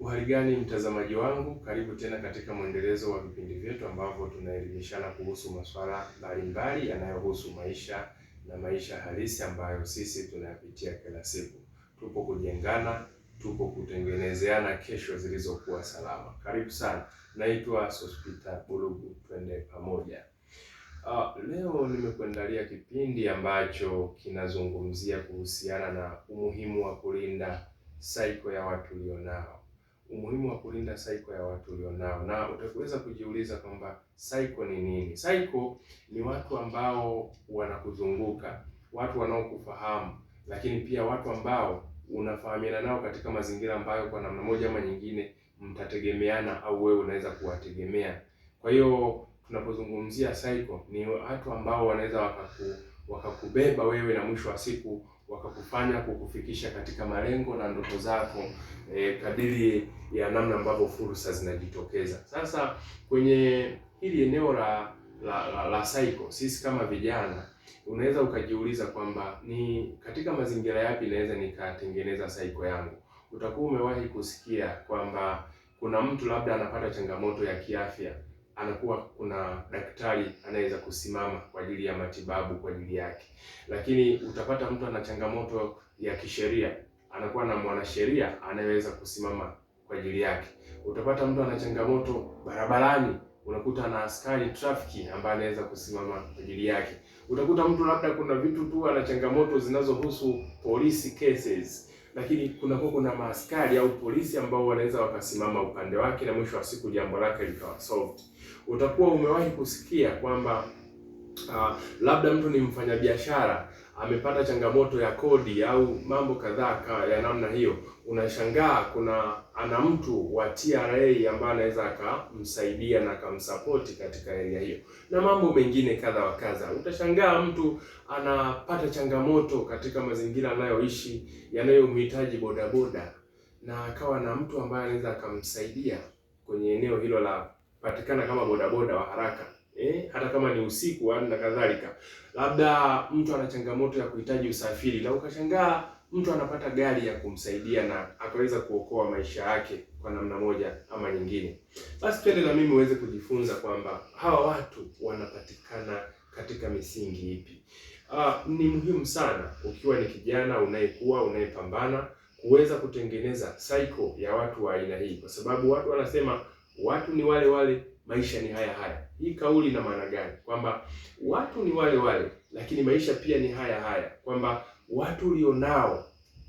Uhali gani mtazamaji wangu, karibu tena katika mwendelezo wa vipindi vyetu ambavyo tunaelimishana kuhusu masuala mbalimbali yanayohusu maisha na maisha halisi ambayo sisi tunayapitia kila siku. Tupo kujengana, tupo kutengenezeana kesho zilizokuwa salama. Karibu sana, naitwa Sospita Bulugu, twende pamoja. Uh, leo nimekuandalia kipindi ambacho kinazungumzia kuhusiana na umuhimu wa kulinda saiko ya watu ulionao umuhimu wa kulinda cycle ya watu ulionao, na utaweza kujiuliza kwamba cycle ni nini? Cycle ni watu ambao wanakuzunguka, watu wanaokufahamu, lakini pia watu ambao unafahamiana nao katika mazingira ambayo kwa namna moja ama nyingine mtategemeana au wewe unaweza kuwategemea. Kwa hiyo tunapozungumzia cycle, ni watu ambao wanaweza wakaku, wakakubeba wewe na mwisho wa siku wakakufanya kukufikisha katika malengo na ndoto zako eh, kadiri ya namna ambavyo fursa zinajitokeza. Sasa kwenye hili eneo la la, la, la cycle, sisi kama vijana unaweza ukajiuliza kwamba ni katika mazingira yapi naweza nikatengeneza cycle yangu. Utakuwa umewahi kusikia kwamba kuna mtu labda anapata changamoto ya kiafya anakuwa kuna daktari anaweza kusimama kwa ajili ya matibabu kwa ajili yake. Lakini utapata mtu ana changamoto ya kisheria, anakuwa na mwanasheria anayeweza kusimama kwa ajili yake. Utapata mtu ana changamoto barabarani, unakuta na askari trafiki ambaye anaweza kusimama kwa ajili yake. Utakuta mtu labda kuna vitu tu ana changamoto zinazohusu police cases lakini kunakuwa kuna maaskari au polisi ambao wanaweza wakasimama upande wake, na mwisho wa siku jambo lake likawa solved. Utakuwa umewahi kusikia kwamba uh, labda mtu ni mfanyabiashara amepata changamoto ya kodi au mambo kadhaa ya namna hiyo, unashangaa kuna ana mtu wa TRA ambaye anaweza akamsaidia na akamsapoti katika area hiyo na mambo mengine kadha wa kadha. Utashangaa mtu anapata changamoto katika mazingira anayoishi yanayomhitaji bodaboda, na akawa na mtu ambaye anaweza akamsaidia kwenye eneo hilo la patikana kama bodaboda wa haraka eh, hata kama ni usiku na kadhalika. Labda mtu ana changamoto ya kuhitaji usafiri na ukashangaa mtu anapata gari ya kumsaidia na akaweza kuokoa maisha yake kwa namna moja ama nyingine. Basi twende na mimi uweze kujifunza kwamba hawa watu wanapatikana katika misingi ipi. Aa, ah, ni muhimu sana ukiwa ni kijana unayekuwa unayepambana kuweza kutengeneza cycle ya watu wa aina hii, kwa sababu watu wanasema watu ni wale wale maisha ni haya haya. Hii kauli ina maana gani? Kwamba watu ni wale wale, lakini maisha pia ni haya haya, kwamba watu ulionao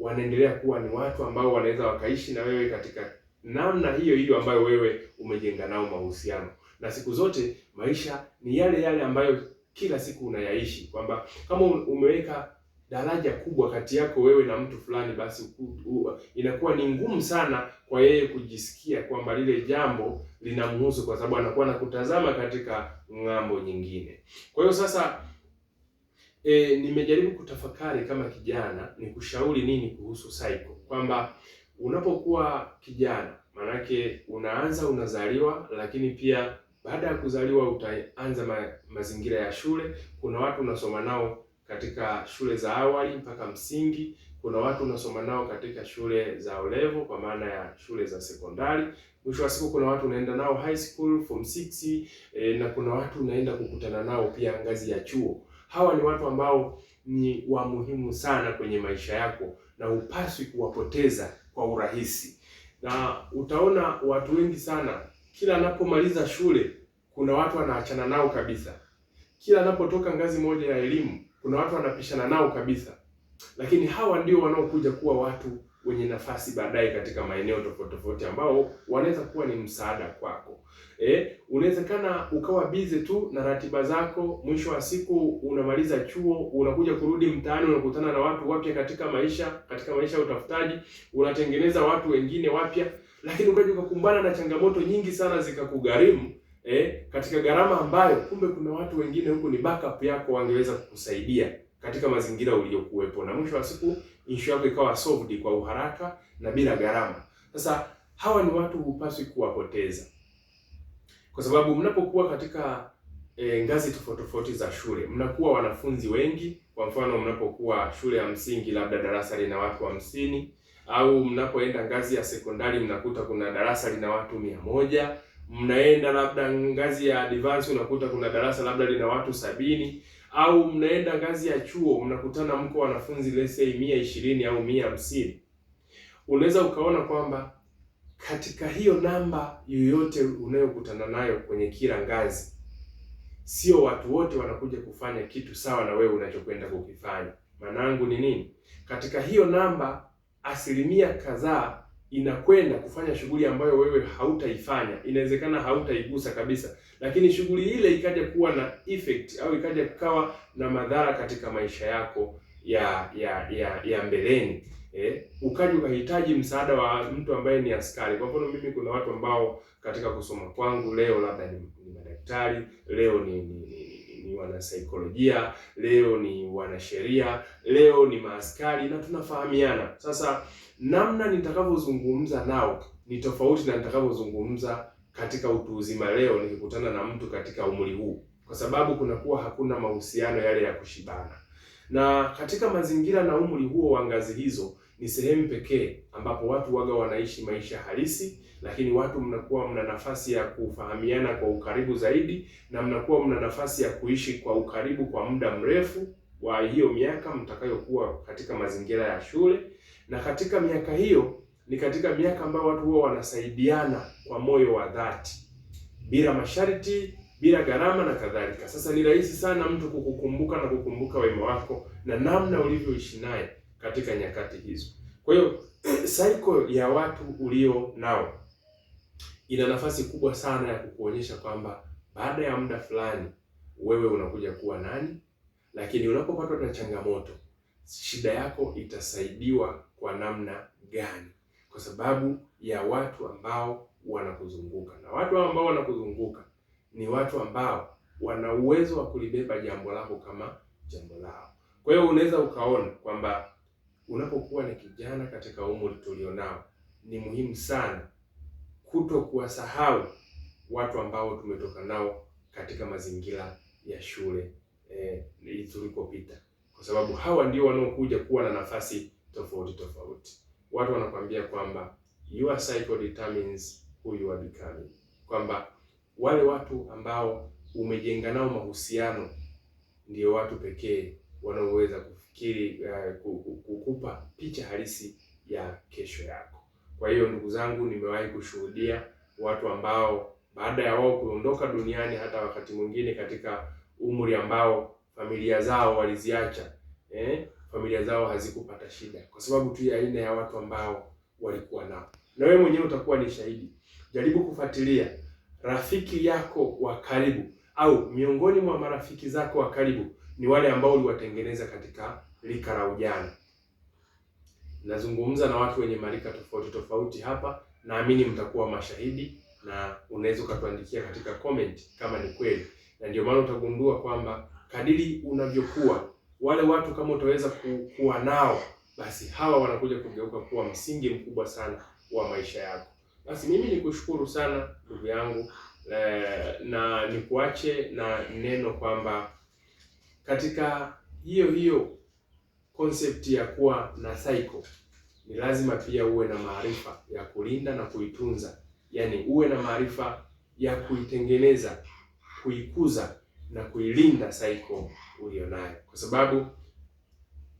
wanaendelea kuwa ni watu ambao wanaweza wakaishi na wewe katika namna hiyo hiyo ambayo wewe umejenga nao mahusiano, na siku zote maisha ni yale yale ambayo kila siku unayaishi, kwamba kama umeweka daraja kubwa kati yako wewe na mtu fulani, basi inakuwa ni ngumu sana kwa yeye kujisikia kwamba lile jambo linamhusu, kwa sababu anakuwa anakutazama katika ng'ambo nyingine. Kwa hiyo sasa e, nimejaribu kutafakari kama kijana ni kushauri nini kuhusu cycle, kwamba unapokuwa kijana maanake unaanza unazaliwa, lakini pia baada ya kuzaliwa utaanza ma, mazingira ya shule, kuna watu unasoma nao katika shule za awali mpaka msingi. Kuna watu unasoma nao katika shule za olevo kwa maana ya shule za sekondari. Mwisho wa siku, kuna watu unaenda nao high school form 6 e, eh, na kuna watu unaenda kukutana nao pia ngazi ya chuo. Hawa ni watu ambao ni wa muhimu sana kwenye maisha yako na upaswi kuwapoteza kwa urahisi, na utaona watu wengi sana, kila anapomaliza shule kuna watu anaachana nao kabisa, kila anapotoka ngazi moja ya elimu kuna watu wanapishana nao kabisa, lakini hawa ndio wanaokuja kuwa watu wenye nafasi baadaye katika maeneo tofauti tofauti, ambao wanaweza kuwa ni msaada kwako. Eh, unawezekana ukawa bize tu na ratiba zako, mwisho wa siku unamaliza chuo, unakuja kurudi mtaani, unakutana na watu wapya katika maisha, katika maisha ya utafutaji, unatengeneza watu wengine wapya, lakini ukaja ukakumbana na changamoto nyingi sana zikakugharimu eh, katika gharama ambayo kumbe kuna watu wengine huku ni backup yako wangeweza kukusaidia katika mazingira uliyokuwepo, na mwisho wa siku issue yako ikawa solved kwa uharaka na bila gharama. Sasa hawa ni watu hupaswi kuwapoteza, kwa sababu mnapokuwa katika e, ngazi tofauti tofauti za shule mnakuwa wanafunzi wengi. Kwa mfano mnapokuwa shule ya msingi, labda darasa lina watu hamsini wa au mnapoenda ngazi ya sekondari mnakuta kuna darasa lina watu mia moja mnaenda labda ngazi ya advance, unakuta kuna darasa labda lina watu sabini, au mnaenda ngazi ya chuo, mnakutana mko wanafunzi lesei mia ishirini au mia hamsini, unaweza ukaona kwamba katika hiyo namba yoyote unayokutana nayo kwenye kila ngazi, sio watu wote wanakuja kufanya kitu sawa na wewe unachokwenda kukifanya. Manangu ni nini? Katika hiyo namba asilimia kadhaa inakwenda kufanya shughuli ambayo wewe hautaifanya, inawezekana hautaigusa kabisa, lakini shughuli ile ikaja kuwa na effect au ikaja kukawa na madhara katika maisha yako ya ya ya, ya mbeleni eh, ukaja ukahitaji msaada wa mtu ambaye ni askari. Kwa mfano mimi, kuna watu ambao katika kusoma kwangu leo labda ni, ni madaktari leo ni, ni, ni ni wanasaikolojia, leo ni wanasheria, leo ni maaskari na tunafahamiana. Sasa namna nitakavyozungumza nao ni tofauti na nitakavyozungumza katika utu uzima leo nikikutana na mtu katika umri huu, kwa sababu kunakuwa hakuna mahusiano yale ya kushibana, na katika mazingira na umri huo wa ngazi hizo ni sehemu pekee ambapo watu waga wanaishi maisha halisi lakini watu mnakuwa mna nafasi ya kufahamiana kwa ukaribu zaidi, na mnakuwa mna nafasi ya kuishi kwa ukaribu kwa muda mrefu wa hiyo miaka mtakayokuwa katika mazingira ya shule. Na katika miaka hiyo ni katika miaka ambayo watu huwa wanasaidiana kwa moyo wa dhati, bila masharti, bila gharama na kadhalika. Sasa ni rahisi sana mtu kukukumbuka na kukumbuka wema wako na namna ulivyoishi naye katika nyakati hizo. Kwa hiyo cycle ya watu ulio nao ina nafasi kubwa sana ya kukuonyesha kwamba baada ya muda fulani wewe unakuja kuwa nani, lakini unapopatwa na changamoto, shida yako itasaidiwa kwa namna gani, kwa sababu ya watu ambao wanakuzunguka. Na watu ambao wanakuzunguka ni watu ambao wana uwezo wa kulibeba jambo lako kama jambo lao. Kwa hiyo unaweza ukaona kwamba unapokuwa ni kijana katika umri tulionao, ni muhimu sana kuto kuwasahau watu ambao tumetoka nao katika mazingira ya shule eh, tulikopita, kwa sababu hawa ndio wanaokuja kuwa na nafasi tofauti tofauti. Watu wanakuambia kwamba your cycle determines who you are becoming, kwamba wale watu ambao umejenga nao mahusiano ndio watu pekee wanaoweza kufikiri uh, kukupa picha halisi ya kesho yako. Kwa hiyo ndugu zangu, nimewahi kushuhudia watu ambao baada ya wao kuondoka duniani, hata wakati mwingine katika umri ambao familia zao waliziacha, eh, familia zao hazikupata shida kwa sababu tu ya aina ya watu ambao walikuwa nao. Na wewe mwenyewe utakuwa ni shahidi. Jaribu kufuatilia rafiki yako wa karibu au miongoni mwa marafiki zako wa karibu ni wale ambao uliwatengeneza katika lika la ujana. Nazungumza na watu wenye marika tofauti tofauti hapa, naamini mtakuwa mashahidi na unaweza ukatuandikia katika comment kama ni kweli, na ndio maana utagundua kwamba kadiri unavyokuwa wale watu kama utaweza ku, kuwa nao basi hawa wanakuja kugeuka kuwa msingi mkubwa sana wa maisha yako. Basi mimi nikushukuru sana ndugu yangu e, na nikuache na neno kwamba katika hiyo hiyo concept ya kuwa na cycle ni lazima pia uwe na maarifa ya kulinda na kuitunza, yaani uwe na maarifa ya kuitengeneza, kuikuza na kuilinda cycle ulionayo, kwa sababu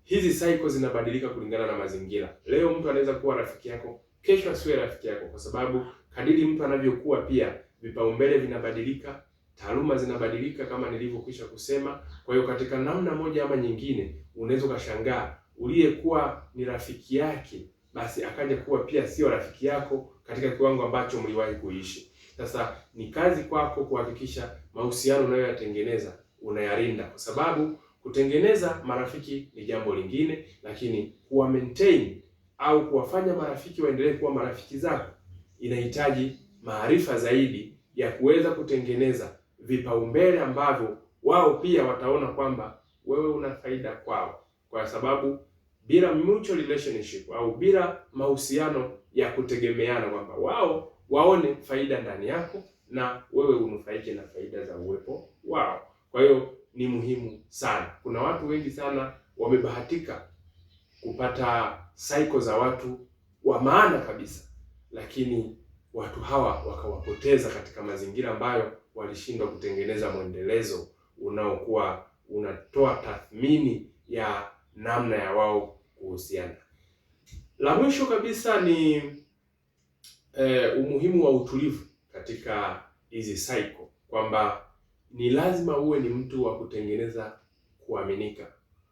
hizi cycle zinabadilika kulingana na mazingira. Leo mtu anaweza kuwa rafiki yako, kesho asiwe rafiki yako, kwa sababu kadiri mtu anavyokuwa pia vipaumbele vinabadilika, taaluma zinabadilika kama nilivyokwisha kusema. Kwa hiyo katika namna moja ama nyingine unaweza ukashangaa uliyekuwa ni rafiki yake basi akaja kuwa pia sio rafiki yako katika kiwango ambacho mliwahi kuishi. Sasa ni kazi kwako kuhakikisha mahusiano unayoyatengeneza unayarinda, kwa sababu kutengeneza marafiki ni jambo lingine, lakini kuwa maintain au kuwafanya marafiki waendelee kuwa marafiki zako inahitaji maarifa zaidi ya kuweza kutengeneza vipaumbele ambavyo wao pia wataona kwamba wewe una faida kwao, kwa sababu bila mutual relationship au bila mahusiano ya kutegemeana, kwamba wao waone faida ndani yako na wewe unufaike na faida za uwepo wao. Kwa hiyo ni muhimu sana. Kuna watu wengi sana wamebahatika kupata saiko za watu wa maana kabisa, lakini watu hawa wakawapoteza katika mazingira ambayo walishindwa kutengeneza mwendelezo unaokuwa unatoa tathmini ya namna ya wao kuhusiana. La mwisho kabisa ni e, umuhimu wa utulivu katika hizi cycle, kwamba ni lazima uwe ni mtu wa kutengeneza kuaminika,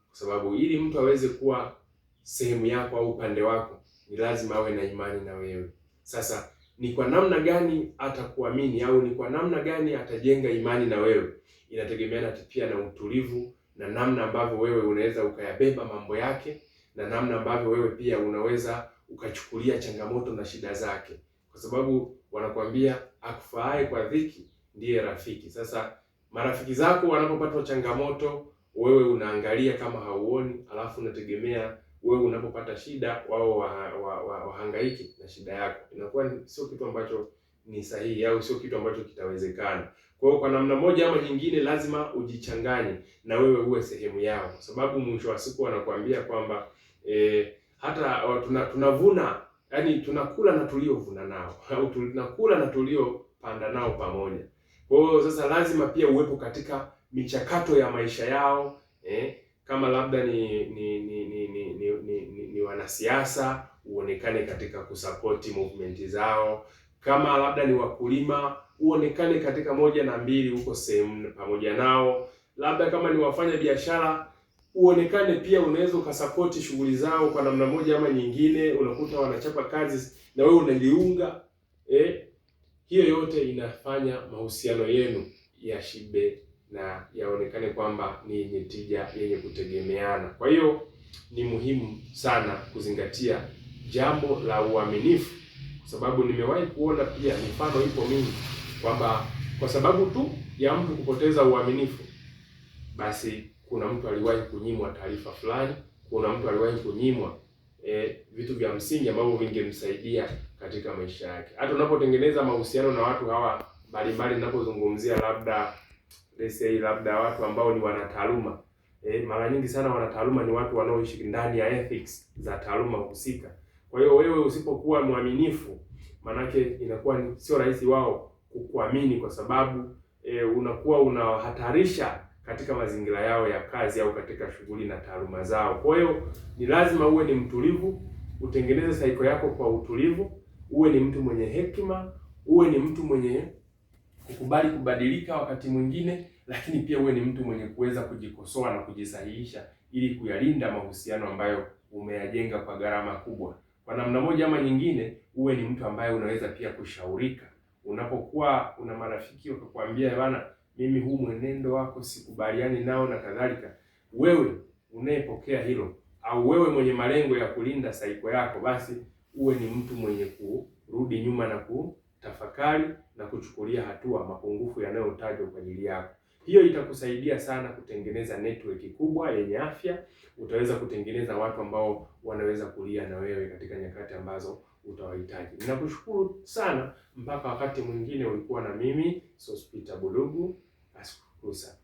kwa sababu ili mtu aweze kuwa sehemu yako au upande wako, ni lazima awe na imani na wewe. Sasa ni kwa namna gani atakuamini au ni kwa namna gani atajenga imani na wewe, inategemeana pia na utulivu na namna ambavyo wewe unaweza ukayabeba mambo yake na namna ambavyo wewe pia unaweza ukachukulia changamoto na shida zake, kwa sababu wanakuambia akufaaye kwa dhiki ndiye rafiki. Sasa marafiki zako wanapopatwa changamoto, wewe unaangalia kama hauoni, alafu unategemea wewe unapopata shida wao wahangaiki wa, wa, wa na shida yako, inakuwa sio kitu ambacho ni sahihi au sio kitu ambacho kitawezekana. Kwa hiyo kwa namna moja ama nyingine, lazima ujichanganye na wewe uwe sehemu yao, kwa sababu mwisho wa siku wanakuambia kwamba e, hata oh, tuna, tunavuna yani tunakula na tuliovuna nao au tunakula na tuliopanda nao pamoja. Kwa hiyo sasa lazima pia uwepo katika michakato ya maisha yao eh, kama labda ni ni ni ni, ni, ni, ni, ni, ni wanasiasa uonekane katika kusapoti movement zao, kama labda ni wakulima uonekane katika moja na mbili huko sehemu pamoja nao, labda kama ni wafanya biashara uonekane pia, unaweza ukasapoti shughuli zao kwa namna moja ama nyingine. Unakuta wanachapa kazi na wewe unaliunga eh, hiyo yote inafanya mahusiano yenu yashibe na yaonekane kwamba ni yenye tija, yenye kutegemeana. Kwa hiyo ni muhimu sana kuzingatia jambo la uaminifu, kwa sababu nimewahi kuona pia mifano ipo mingi kwamba kwa sababu tu ya mtu kupoteza uaminifu, basi kuna mtu aliwahi kunyimwa taarifa fulani, kuna mtu aliwahi kunyimwa e, vitu vya msingi ambavyo vingemsaidia katika maisha yake. Hata unapotengeneza mahusiano na watu hawa mbalimbali, ninapozungumzia labda say labda watu ambao ni wanataaluma eh, mara nyingi sana wanataaluma ni watu wanaoishi ndani ya ethics za taaluma husika. Kwa hiyo wewe usipokuwa mwaminifu, maanake inakuwa sio rahisi wao kukuamini kwa sababu e, unakuwa unawahatarisha katika mazingira yao ya kazi au katika shughuli na taaluma zao. Kwa hiyo ni lazima uwe ni mtulivu, utengeneze saiko yako kwa utulivu, uwe ni mtu mwenye hekima, uwe ni mtu mwenye kukubali kubadilika wakati mwingine, lakini pia uwe ni mtu mwenye kuweza kujikosoa na kujisahihisha ili kuyalinda mahusiano ambayo umeyajenga kwa gharama kubwa. Kwa namna moja ama nyingine, uwe ni mtu ambaye unaweza pia kushaurika. Unapokuwa una marafiki wakakwambia, bwana, mimi huu mwenendo wako sikubaliani nao na kadhalika, wewe unayepokea hilo au wewe mwenye malengo ya kulinda saiko yako, basi uwe ni mtu mwenye kurudi nyuma na ku tafakari na kuchukulia hatua mapungufu yanayotajwa kwa ajili yako. Hiyo itakusaidia sana kutengeneza network kubwa yenye afya. Utaweza kutengeneza watu ambao wanaweza kulia na wewe katika nyakati ambazo utawahitaji. Ninakushukuru sana. Mpaka wakati mwingine, ulikuwa na mimi Sospeter Bulugu. Asante.